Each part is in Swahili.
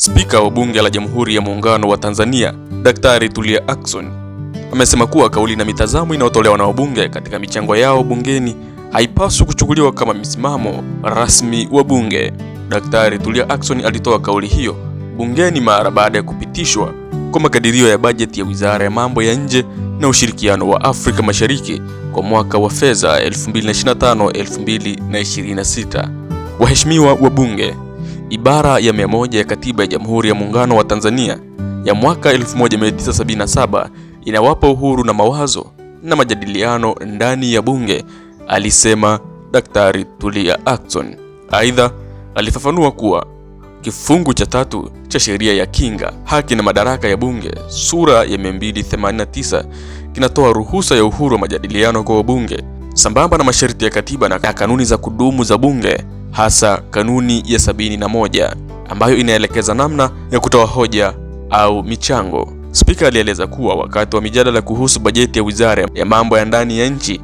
Spika wa Bunge la Jamhuri ya Muungano wa Tanzania Daktari Tulia Ackson amesema kuwa kauli na mitazamo inayotolewa na wabunge katika michango yao bungeni haipaswi kuchukuliwa kama msimamo rasmi wa Bunge. Daktari Tulia Ackson alitoa kauli hiyo bungeni mara baada ya kupitishwa kwa makadirio ya bajeti ya Wizara ya Mambo ya Nje na Ushirikiano wa Afrika Mashariki kwa mwaka wa fedha 2025-2026. Waheshimiwa wa Bunge ibara ya 100 ya Katiba ya Jamhuri ya Muungano wa Tanzania ya mwaka 1977 inawapa uhuru na mawazo na majadiliano ndani ya bunge, alisema Daktari Tulia Ackson. Aidha, alifafanua kuwa kifungu cha tatu cha sheria ya kinga, haki na madaraka ya bunge sura ya 289 kinatoa ruhusa ya uhuru wa majadiliano kwa wabunge sambamba na masharti ya katiba na kanuni za kudumu za bunge, hasa kanuni ya sabini na moja ambayo inaelekeza namna ya kutoa hoja au michango. Spika alieleza kuwa wakati wa mijadala kuhusu bajeti ya wizara ya mambo ya ndani ya nchi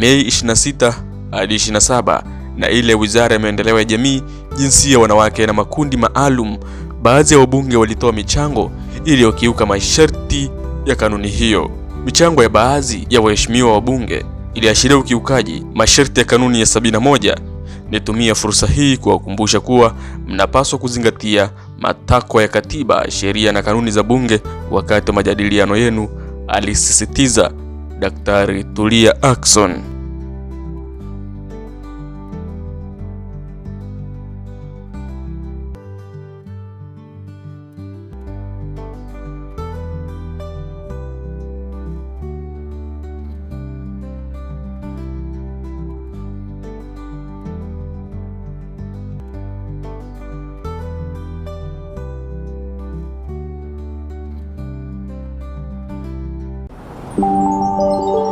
Mei 26 hadi 27 na ile wizara ya maendeleo ya jamii, jinsia, wanawake na makundi maalum, baadhi ya wabunge walitoa michango iliyokiuka masharti ya kanuni hiyo. Michango ya baadhi ya waheshimiwa wabunge iliashiria ukiukaji masharti ya kanuni ya 71. Nitumia fursa hii kuwakumbusha kuwa mnapaswa kuzingatia matakwa ya katiba, sheria na kanuni za bunge wakati wa majadiliano yenu, alisisitiza Daktari Tulia Ackson. Música